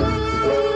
Música